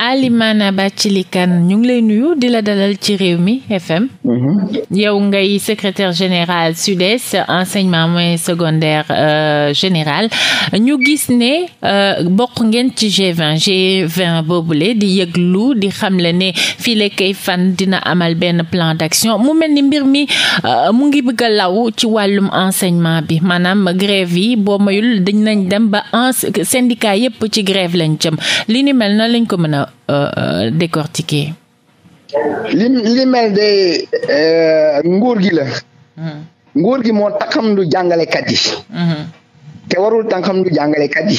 Alimana Bathily Kane ñu ngi lay nuyu di la dalal ci Rewmi FM mhm. yow ngay secrétaire général SUDES enseignement moyen secondaire euh, général ñu gis ne euh, bokk ngeen ci G20 boobu 20 boobule di yëglu di xamle ne fii lekkay fan dina amal benn plan d'action mu mel ni mbir mi euh, mu ngi bëgg a law ci wàllum enseignement bi maanaam grève yi boo moyul dañ nañ dem ba en syndicat yépp ci grève lañ jëm li ni mel na lañ ko mën a Euh, euh, décortiquer. li li mel euh, nguur gi la. Hmm. nguur gi moo taxam du jàngalekat yi. Hmm. te warul taxam du jàngalekat yi.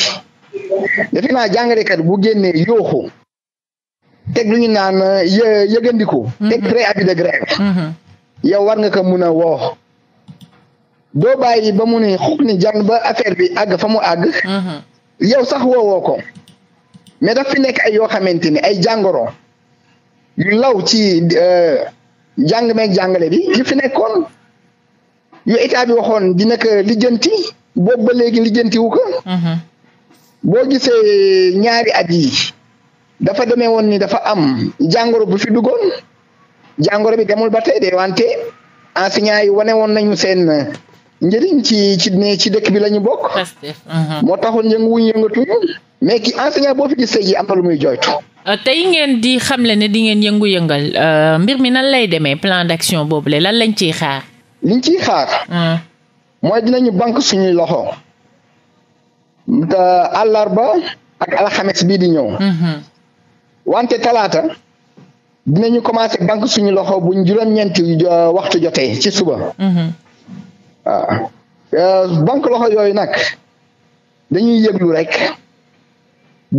defe naa jàngalekat bu génnee yooxu teg lu ñu naan yë yëgandiku. teg hmm. préavis de grève. yow war nga ko mun a woo. doo bàyyi ba mu ne ba affaire bi àgg fa mu àgg. yow sax woowoo ko. mais daf nekk ay yoo xamante ni ay jàngoro yu law ci euh, jàng meeg jàngale bi yu fi nekkoon yu état bi waxoon dina ko lijjanti boobu ba léegi lijjanti wu ko. Mhm. boo gisee ñaari at yi dafa deme woon ni dafa am jàngoro bu fi duggoon jàngoro bi demul ba tey de wante enseignants yi wane woon nañu seen njëriñ ci ci ci dëkk bi lañu ñu bokk. Uh-huh. moo taxoon yënguwuñ yëngatuñu mais ki enseignant boo fi gis tey jii am na lu muy jooytu. Euh, tey ngeen di xamle ne di ngeen yëngu-yëngal euh, mbir mi nan lay demee plan d'action le lan lañ ciy xaar. liñ ci xaar. Uh-huh. mooy dinañu banque suñuy loxo. te àllarba ak alxames bii di ñëw. Uh-huh. wante talaata dinañu commencé banque suñu loxo buñ juróom-ñeenti euh, waxtu jotee ci suba. waaw euh, banque loxo yooyu nag dañuy yëglu rek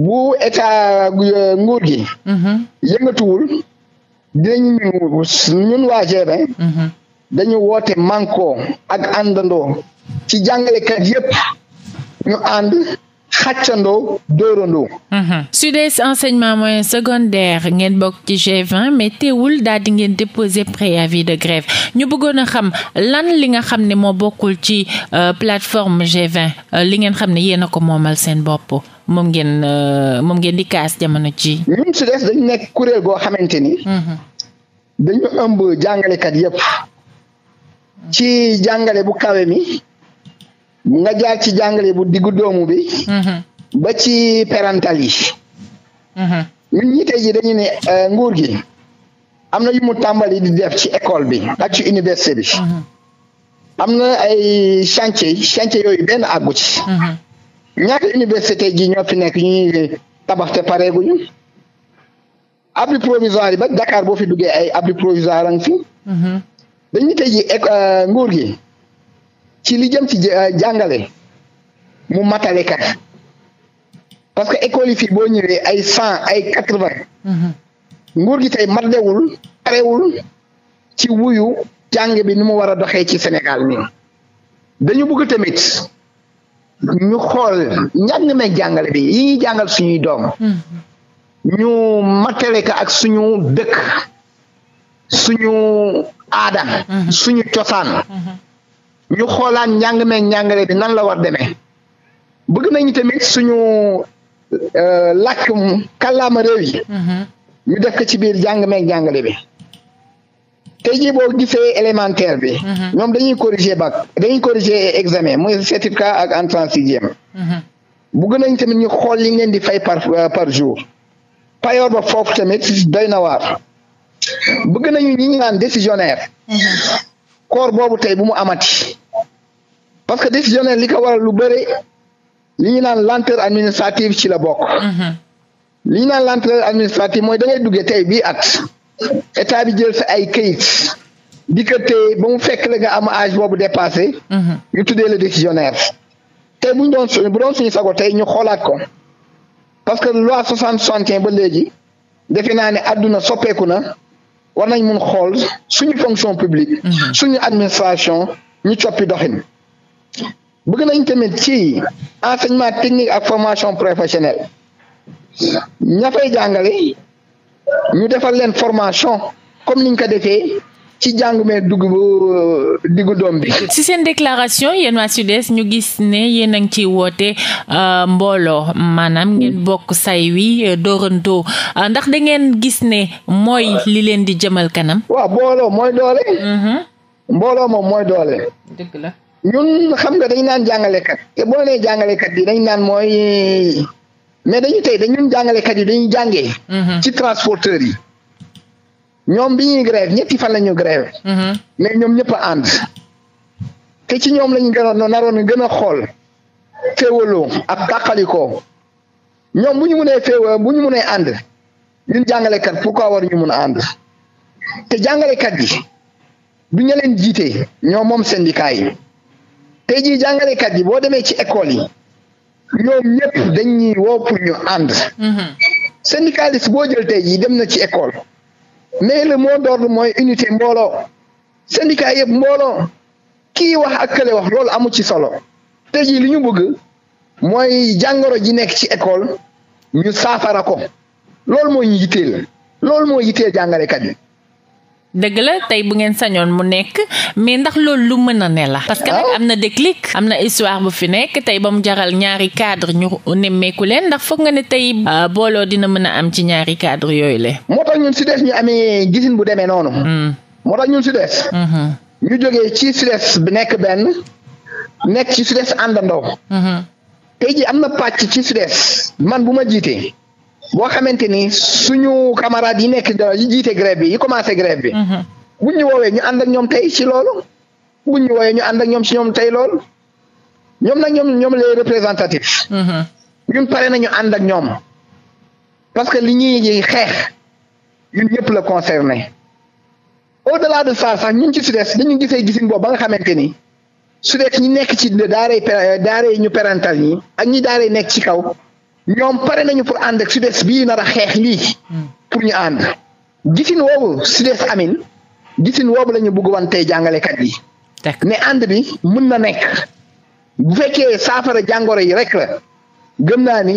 bu état euh, nguur gi. Mhm. yëngatuwul dinañ ñun waa g mhm. dañu woote manko ak àndandoo ci jàngalekat yépp ñu ànd. xàccandoo dóorandoo. Mhm. SUDES enseignement moyen secondaire ngeen bokk ci g mais teewul daal di ngeen déposer préavis de grève ñu bëggoon a xam lan li nga xam ne moo bokkul ci euh, plateforme g euh, li ngeen xam ne yéen a ko moomal seen bopp moom ngeen euh, moom ngeen di kaas jamono ci ñun SUDES dañu nekk kuréel goo xamante ni. Mhm. dañu ëmb jàngalekat yépp ci jàngale bu kawe mi. nga jaar ci jàngale bu diggu doomu bi. Mhm. ba ci perantal yi. Mhm. ñun ñi tey ji dañu ne euh, nguur gi am na yu mu tàmbali di def ci école bi ak ci université bi. Mhm. am na ay chantier chantier yooyu benn àggu ci. université ji ñoo fi nekk ñuy tabax te pareeguñu. abri provisoire yi ba dakaar boo fi duggee ay abri provisoire a ngi fi. dañuy tey ji euh, nguur gi. ci li jëm ci euh, jàngale mu matale kat parce que école yi fii boo ñëwee ay san ay quatre vingt mm-hmm. nguur gi tey matdewul parewul ci wuyu jàng bi ni mu war a doxee ci Sénégal nii dañu bëgg tamit ñu xool njàng me jàngale bi yi jàngal suñuy doom mm-hmm. ñu matale ak suñu dëkk suñu aada mm-hmm. suñu cosaan ñu xoolaat njàng meeg bi nan la war demee bëgg nañu tamit suñu euh, làkk kàllaama réew yi mm-hmm. ñu def ko ci biir njàng meeg njàngale bi tey jii boo gisee élémentaire bi mm-hmm. ñoom dañuy corriger bac dañuy corriger examen muy certificat ak en sixième mm-hmm. bëgg nañ tamit ñu xool li ngeen di fay par euh, par ba foofu tamit doy na waar bëgg nañu ñi ñu naan décisionnaire corps boobu tey bu mu amati parce que décisionnaire li ko waral lu bëri li ñu naan lenteur administrative ci la bokk. Mhm. li ñu naan lenteur administrative mooy da ngay duggee tey bii at état bi jël sa ay kayit di ko ba mu fekk la nga am âge boobu dépassé. Mhm. ñu tuddee le décisionnaire. tey bu ñu doon suñu suñu sago tey ñu xoolaat ko parce que loi soixante soixante et ba léegi defe naa ne àdduna soppeeku na war nañ mun xool suñu fonction publique. Mhm. suñu administration ñu coppi doxin. bëgg nañ tamit ci enseignement technique ak formation professionnelle ña fay jàngale ñu defal leen formation comme niñ ko defee ci jàng mee dugg euh, diggu doom bi. ci seen déclaration yéen waa SUDES ñu gis ne yéen a ngi ciy woote euh, mbooloo maanaam ngeen bokk say wi euh, dóorandoo ndax da ngeen gis ne mooy li leen di jëmal kanam. waaw mbooloo mooy doole. Mhm. mbooloo moom mooy doole. la. ñun xam nga dañ naan jàngalekat te boo nee jàngalekat dañ naan mooy mais dañu tey dañun jàngalekat yi dañuy jàngee mm-hmm. ci transporteur yi ñoom bi ñuy grève ñetti fan lañu ñu grève mm-hmm. ñoom ñëpp a ànd ci ñoom lañu gën a naroon gën a xool féewaloo ak tàqalikoo ñoom bu ñu mënee féew bu ñu mënee ànd ñun jàngalekat pourquoi war ñu mën a ànd te jàngalekat yi du ñu leen jiite ñoom moom syndicat yi tey jii jàngalekat yi boo demee ci école yi ñoom ñëpp dañuy woo pour ñu ànd mhm. syndicaliste boo jël tey jii dem na ci école mais le mot d'ordre mooy unité mbooloo syndicat yëpp mbooloo kii wax ak le wax loolu amu ci solo tey jii li ñu bëgg mooy jàngoro ji nekk ci école ñu saafara ko loolu mooy ñu yitteel loolu mooy yitteel jàngalekat yi dëgg la tey bu ngeen sañoon mu nekk mais ndax loolu lu mën a ne la parce que oh. am na déclic am na histoire bu fi nekk tey ba mu jaral ñaari cadre ñu nemmeeku leen ndax foog nga ne tey euh, booloo dina mën a am ci ñaari cadre yooyu le moo tax su SUDES ñu amee gisin bu demee noonu hmm. moo tax ñun SUDES hmm. ñu jógee ci su bi nekk benn nekk ci SUDES àndandoo hmm. tey ji am na pàcc ci SUDES man bu ma jiitee boo xamante ni suñu camarades yi nekk yi jiite grève bi yi commencé grève bi. Mhm. buñ ñu woowee ñu ànd ak ñoom tey ci loolu. buñ ñu woowee ñu ànd ñoom ci ñoom tey loolu. ñoom nag ñoom ñoom les représentatifs. Mhm. ñun pare nañu ànd ak ñoom. parce que li ñuy xeex ñun ñëpp la concerné. au delà de ça sax ñun ci SUDES dañu gisee gisin boobu ba nga xamante ni SUDES ñi nekk ci daaree daaree ñu parental ñi ak ñi daaree nekk ci kaw. ñoom pare nañu pour ànd ak SUDES bii nar a xeex lii hmm. pour ñu ànd gisin woowu SUDES amin gisin woowu lañu ñu bëgg wan tey jàngalekat yi ne ànd bi mën na nekk bu fekkee saafara jàngoro yi rek la gëm naa ni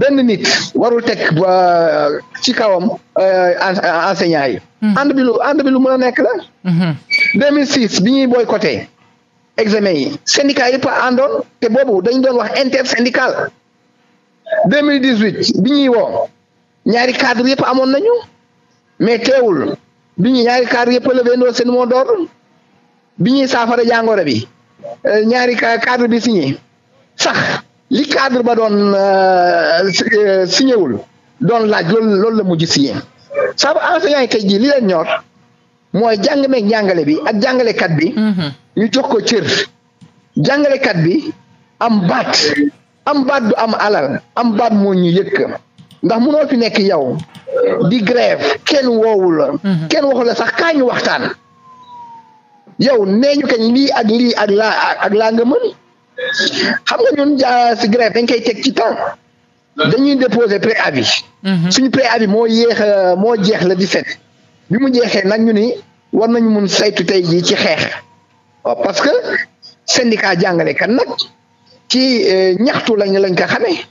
benn nit warul teg euh, ci kawam euh, enseignant yi hmm. ànd bi lu ànd bi lu mën a nekk la 2006 hmm. bi ñuy boycotté examen yi syndicat yëpp àndoon te boobu dañu doon wax intersyndical deux mille dix bi ñuy woo ñaari cadre yëpp amoon nañu mais teewul bi ñu ñaari cadre yëpp la vendoo seen mot d'ordre bi ñuy saafara jàngoro bi euh, ñaari cadre bi signé sax li cadre ba doon euh, signéwul doon laaj loolu loolu la mujj signé sa ba enseignant yi tey jii li leen ñor mooy jàng meeg jàngale bi ak jàngalekat bi mhm. ñu jox ko cër jàngalekat bi am baat am baat du am alal am baat moo ñu yëkk ndax munoo fi nekk yow di grève kenn woowu la mhm. kenn waxu sax kaañu waxtaan yow nee ñu kañ lii ak lii ak laa ak laa nga mën xam nga ñun ja si grève dañ koy teg ci temps dañuy déposer préavis mhm. suñu préavis moo yéex moo jeex la di set bi mu jeexee nag ñu ni war nañ mun saytu tey jii ci xeex waaw oh, parce que syndicat jàngalekat nag ci euh, ñaxtu lañ lañ ko xamee.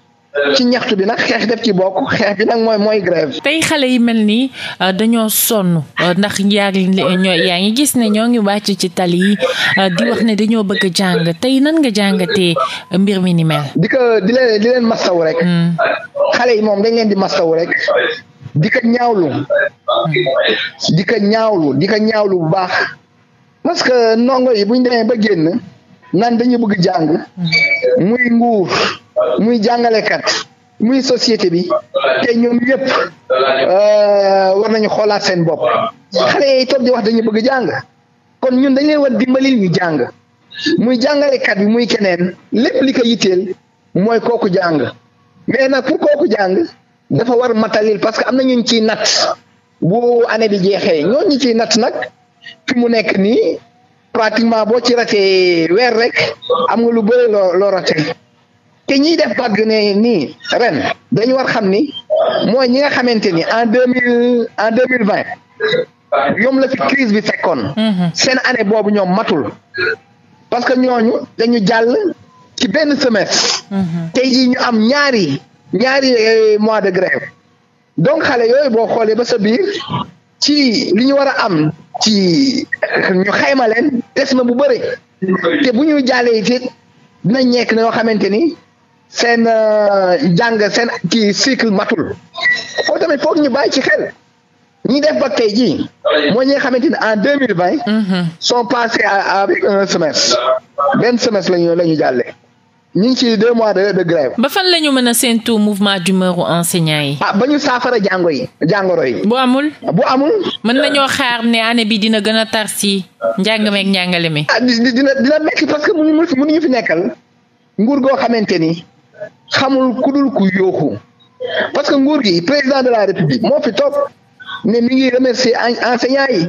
ci ñaxtu bi nag xeex def ci bokk xeex bi nag mooy mooy grève. tey xale yi mel nii euh, dañoo sonn euh, ndax yaa ngi gis ne ñoo ngi wàcc ci tali yi di wax ne dañoo bëgg a jàng tey nan nga jàngatee mbir mi ni mel. di ko di leen di rek. Mm. xale yi moom dañ leen di mastaw rek. di ko ñaawlu. Mm. di ko ñaawlu di ko ñaawlu bu baax. parce que ndongo yi buñ ñu ba génn naan dañu bëgg jàng. Mm. muy nguur muy jàngalekat muy société bi te ñoom yëpp euh, war nañu xoolaat seen bopp xale yi toog di wax dañu bëgg jàng kon ñun dañu leen war dimbali ñu jàng muy jàngalekat bi muy keneen lépp li ko yitteel mooy kooku jàng mais nag pour kooku jàng dafa war matalil parce que am na ñun ciy nat bu année bi jeexee ñooñu ciy nat nag fi mu nekk nii pratiquement boo ci ratee weer rek am nga lu bëri loo loo ratee te ñiy def vague ne nii ren dañu war xam ni mooy ñi nga xamante ni en deux mil en deux mille vingt ñoom la fi crise bi fekkoon. Mhm. seen année boobu ñoom matul parce que ñooñu dañu jàll ci benn semestre. Mhm. te jii ñu am ñaari ñaari euh, mois de grève donc xale yooyu boo xoolee ba sa biir ci li ñu war a am. ci ñu xayma leen des na bu bëri te bu ñu jàllee it dina ñekk nañoo yoo xamante ni seen euh, jàng seen ci cycle matul foofu tamit foog ñu bàyyi ci xel ñi def ba tey jii mooy ñi nga xamante ni en deux mille vingt mhm. sont passés avec un semestre benn semestre lañu la ñu jàllee ñu ngi ci deux mois de de grève. ba fan la ñu mën a séentu mouvement d'humeur enseignant yi. ah ba ñu saafara jàngo yi jàngoro yi. bu amul. Ah, bu amul. mën nañoo xaar ne année bi dina gën a tar si njàng meeg njàngale mi. ah di dina dina metti parce que mënuñu ñu fi nekkal nguur goo xamante ni xamul ku dul ku yooxu parce que nguur gi président de la république moo fi toog ne mi ngi remercier enseignants yi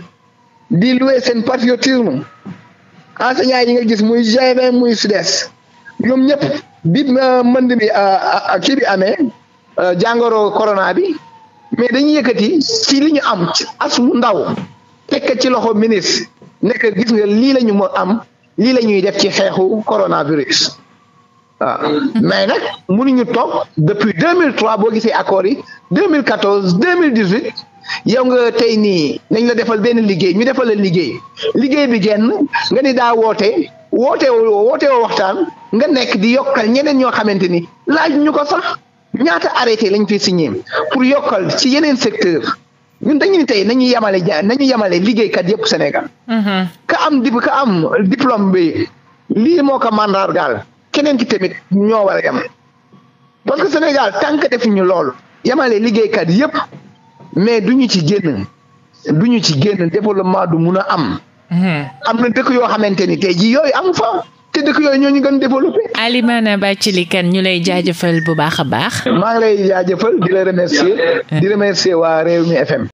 di louer seen patriotisme enseignants yi nga gis muy G20 muy des ñoom ñëpp bi euh, mbënd bi euh, euh, kii bi amee jàngoro corona bi mais dañuy yëkkati ci li ñu am ci as mu ndaw tekk ci loxo ministre nekk gis nga lii la ñu ma am lii la ñuy def ci xeexu coronavirus waaw mm-hmm. mais nag ñu toog depuis 2003 boo gisee accords yi 2014 2018 yow nga tey nii nañ la defal benn liggéey ñu defal la liggéey liggéey bi genn nga ni daa woote wooteewoo wooteewoo waxtaan nga nekk di yokkal ñeneen ñoo xamante ni laaj ñu ko sax ñaata arrêté lañ fi signé pour yokkal ci yeneen secteur ñun dañu ni tey nañu yemale ja nañu yemale liggéeykat yëpp Sénégal. Mm-hmm. ka am di ka am diplôme bi lii moo ko mandargaal keneen ki tamit ñoo war a yem parce que Sénégal ñu que defuñu loolu yemale liggéeykat yëpp mais duñu ci génn duñu ci génn développement du mun a am. Mm-hmm. am na dëkk yoo xamante ni tey ji yooyu am fa te dëkk yooyu ñoo ñu gën développé. Alimana li Kane ñu lay jaajëfal bu baax a baax. maa ngi lay jaajëfal di la remercier. di remercier waa Rewmi FM.